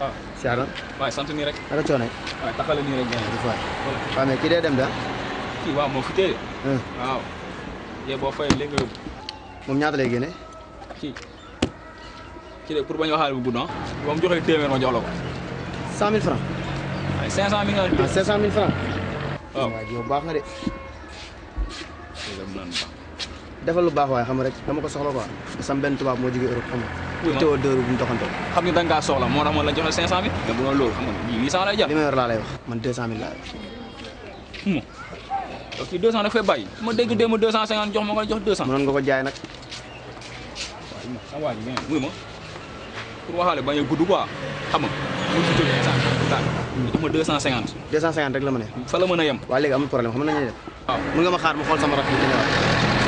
waaw siyaar na. sant nii rek. naka coono yi. waay taxale rek ngeen def. waaw kii dee dem da ah? kii waaw moo fi téye. waaw. yee boo fayee léegi nga moom ñaata lay génne. kii de pour bañ a waxaale bu gudd ah. mu joxee téeméer ma jox la cent mille francs. ay ah, cent mille francs. waaw waaw yow baax nga de. defal lu baax waaye xam rek dama ko soxla quoi sam benn tubaab moo jógee Europe xam nga teewoo deux roues bu ñu doxantoo xam nga da nga soxla moo tax ma la joxe cinq cent mille nga bëggoon loolu xam nga huit cent lay jar li ma yor laa lay wax man deux cent mille laa yor kii hmm. deux cent da fay bàyyi ma dégg démb deux cent cinquante jox ma ko jox deux cent mënoon nga ko jaay nag waaw waaji muy ma pour waxaale bañ a gudd quoi xam nga mu ci jóge sànq sànq jox ma deux cent cinquante deux cent cinquante rek la ma ne fa la mën a yem waaw léegi amul problème xam nañ def waaw mën nga ma xaar ma xool sama rak bi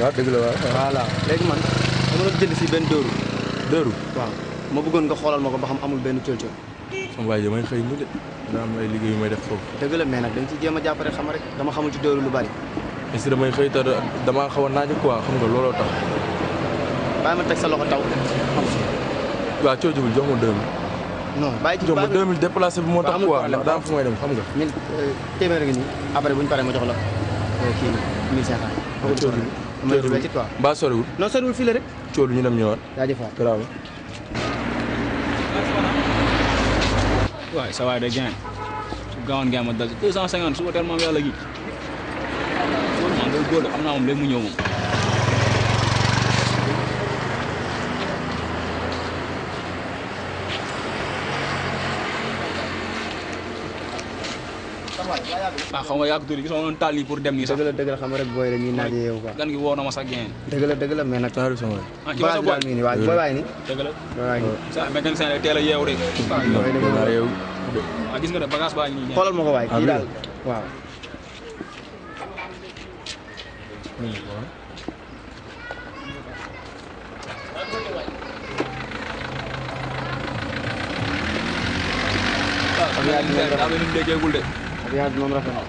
waaw dëgg la waaw voilà léegi man dama doon jënd si benn dëru dëru waaw ma xoolal ma ko ba xam amul benn col waay ji may mu de dana liggéey yu def foofu dëgg la mais dañ ci jéem a xam rek dama xamul ci dëru lu bari est-ce que damaa xaw naaj quoi xam nga looloo tax bàyyi ma teg sa loxo taw waaw coow jubul jox ma deux ba 2000 déplacé bi moo tax quoi ndax daa am fu may dem xam nga. mille euh, téeméer gi nii après bu ñu paree ma jox la euh, kii 1500. ma jublu ci quoi mbaa soriwul. non rek. coolu ñu dem ñëwaat. jaajëf waay garaaw. waay sa waay de gain su gaawoon gain ma dal ci 250 su ma teel moom yàlla gi. loolu mu waaw xam nga yàgg tuuti gisuma noonu tàll yi pour dem nii sax dëgg la dëgg xam rek booy dañuy naaje yow quoi gan ah ci wàllu booy nii waaw booy waay nii dëgg la booy waay nii sa mécanicien rek teel a yeewu rek yeewu gis nga de bagage baa ngi nii kii daal waaw riyaas moom rafet na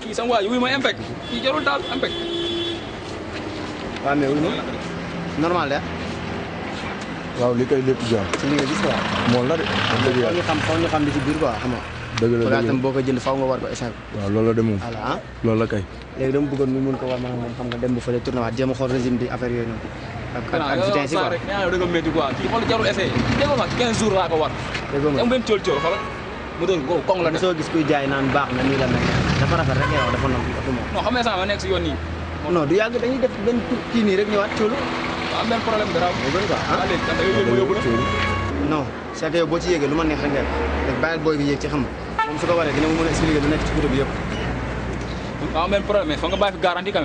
kii sama waay wuy ma impec kii jarul daal impec waaw mais wuy ma normal de la de faw nga jënd faw nga war ko échec loolu de moom ah. loolu la kay léegi dama bëggoon ñu mun ko war maanaam nga dem bu fële tournoi jéem a xool régime bi affaire yooyu noonu ak a yi quoi da nga métti quoi kii xool jarul essayé déggoo ma 15 jours laa ko war. déggoo ma benn mu doon ko kong la def. soo gis jaay naan baax na nii la mel dafa rafet rek yow dafa nangu dafa moom. non xam nga sax ma du yàgg dañuy def benn nii rek coolu. am benn problème grave. Ah? dégg lu ma neex rek nga booy bi yéeg ci xam nga moom su waree dina ma mën a expliquer lu nekk ci guddi bi yëpp. am benn problème mais fa nga fi garantie quand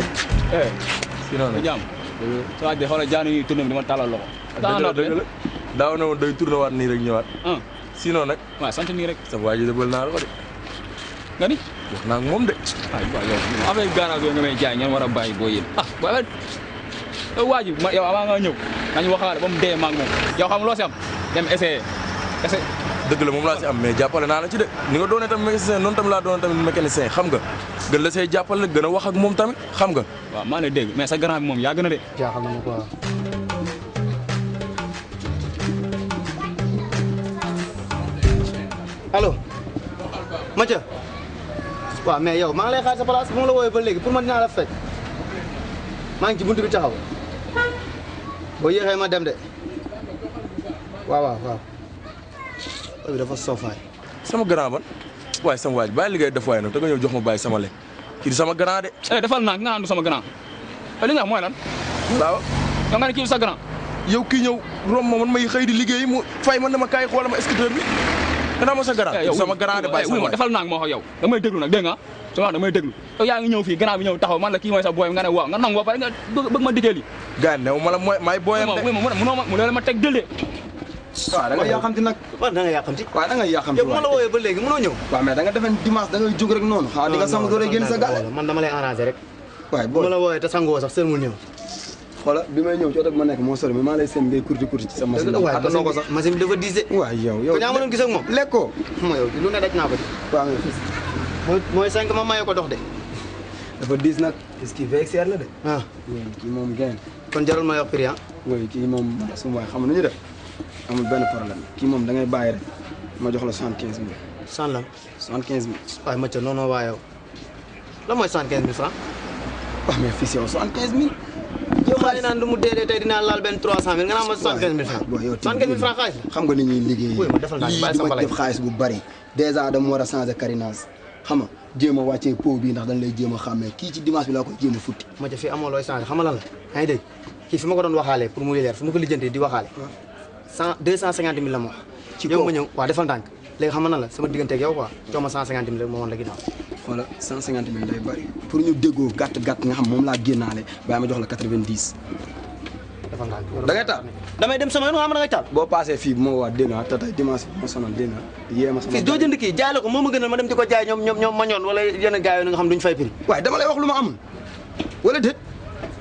waaj. Eh, si noonu la jàmm. sa waaj de xoolal jaanu yi tourné bi dama tàllal loxo. dëgg la dëgg la daaw na woon day tourné waat nii ñëwaat. Ah. sinon nag. waaw sant nii rek. sa waaj yi dëbbal naa la ko de. nga ni. wax naa moom de. aywa yow affaire yu garage yooyu nga may jaay ngeen war a bàyyi boo yéen. ah bu amee eh, waaj yi ma yow avant nga ñëw nañu moom yow xam loo si am dem essayé dëgg la moom laa si am mais jàppale naa la ci de ni nga doonee tamit mécanicien noonu tamit laa doonee tamit mécanicien xam nga gën la say jàppale gën a wax moom tamit xam nga. waaw maa ngi lay dégg mais sa grand moom yaa gën a de. jaaxal na ma quoi. allo. maa ngi lay xaar sa place bu la woowee ba léegi pour man dinaa la fekk maa ngi ci buntu taxaw boo yéexee ma dem de waaw bi dafa soofaay. sama grand ban waaye sama waaj bàyyi li ngay def waaye nag danga ñëw jox ma bàyyi sama lekk kii sama grand de. eh defal naa nga naan du sama grand eh, li nga wax mooy lan. waaw. da nga ne kii du sa grand. yow kii ñëw rom ma man may xëy di liggéey ma scooter bi danaa ma sa grand. Eh, sama grand de bàyyi eh, sama waaj defal naa moo wax yow damay déglu nga su ma damay déglu yaa ngi ñëw fii grand bi ñëw taxaw man la kii mooy sa booy nga ne waaw nga nangu ba pare nga bëgg ma diggee lii. gars yi new ma la mooy maay booyam de. a ne ma mu ne ma teg dëlle waaw da nga yàqamti nag waaw da nga yàqamti waaw da nga yàqamti yow ma la wooyee ba léegi bi may ñëw ci oto bi moo sori mais maa lay seen ngay kurti kurti dafa diise waaw yow yow ñaa mënoon gis ak moom ma yow lu ne daj di waaw mooy cinq ma maye ko dox de dafa diis nag est-ce que VXR la de ah kii moom gain kon jarul ma yox prix ah. def amul benn problème kii moom da ngay bàyyi rek ma jox la cent quinze mille. cent lan. cent quinze mille. waaye ma ca noonu waa yow lan mooy cent quinze mille franc. waaw ah, mais fii si yow cent quinze mille. yow maa ngi naan lu mu dee dee tey dinaa laal benn trois cent mille nga ma cent quinze mille franc. waaw yow cent quinze mille franc la. xam nga ni ñuy liggéeyee lii du ma def xaalis bu bari dèjà dama war a changer carénage xam nga jéem a wàccee pot bi ndax dañ lay kii ci dimanche bi laa ko jéem a futti. ma ca fii amoo looy changer xam nga lan la yaa ngi dégg kii fi ma ko doon waxaalee pour mu leer fi ma ko lijjantee di waxaale ah. cent deux cent cinquante mille la ma wax. ci kaw yow ma ñëw waaw defal ndànk léegi xam na la sama digganteeg yow quoi coow ma cent cinquante mille la ma cent cinquante mille day bëri pour ñu déggoo gàtt ma jox la quatre vingt dix. defal taal damay dem sama yoon waa ma da taal. boo paasee fii bu ma waa dina te tey dimanche bi ma sonal dina yee ma. sama fii doo jënd kii jaay la ko moo ma gënal ma dem di ko jaay ñoom ñoom ñoom ma ñoon wala yenn gars yi nga xam duñ fay prix. waaye dama lay wax ma amul wala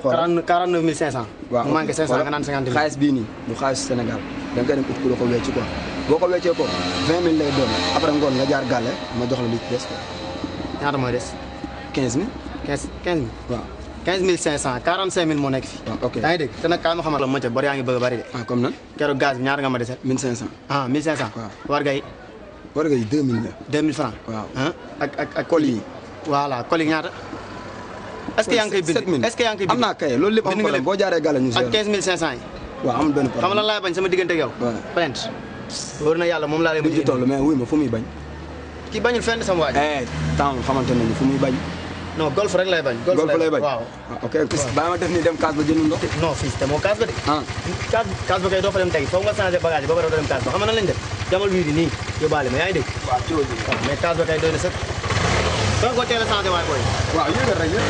xoolal 49 500. waaw mu manqué 500 nga naan 50 000 xaalis bii nii du xaalis Sénégal da nga koy dem ut ku la ko wecci quoi boo ko weccee ko 20 000 lay doon après ngoon nga jaar gàlle ma jox la li ci des quoi. ñaata mooy des. 15 000. 15 15 000 waaw. 15500 45000 moo nekk fi. waaw ok yaa ngi dégg te nag kaay ma xamal la ma ca bor yaa ngi bëgg a bëri de. ah comme nan. keroog gaz bi ñaata nga ma dese. 1500. ah 1500. waaw warga yi. warga yi 2000 la. 2000 francs. waaw ah ak ak ak. col yi. voilà col yi ñaata. est que yaa ngi koy bind que yaa ngi koy am naa kay loolu lépp am problème boo jaaree gàlla ñu ak 15500 yi waaw am benn problème xam lan laay bañ sama diggante ak yow plainte na yàlla moom laa lay mujj toll mais wuy ma fu bañ kii bañul fenn sama waaj eh temps xamante nañu fu bañ golf rek lay bañ golf lay bañ ah, ok baa ma ni dem kaas ba jënd ndox non danga ko teel a changé waay booy. waaw yëngal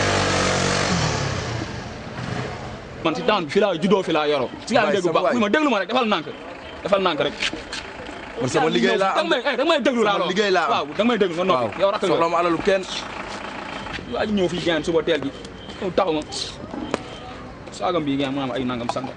man si daan bi fii laa juddoo fii laa yoroo. waay sa waay ma déglu ma rek defal nànk defal nànk rek. man sama liggéey laa am da nga may déglu laa eh, loo waaw da nga may déglu nga noppi. yow rakk nga soxla ma alalu kenn. waa ji ñëw fii gàncax suba teel gi taxuma saagam bii gàncax maanaam ay nangam sangam.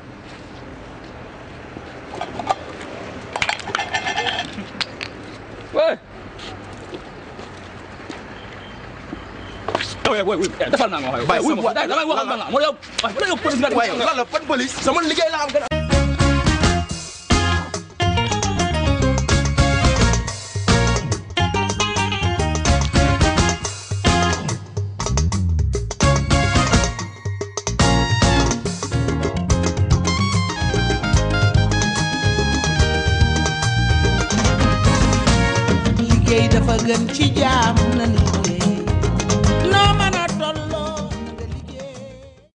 defal naa ma waaye damay waxal man ma yow waaye lan la police nga def lan la ban police sama liggéey laa am gën a gën ci jaar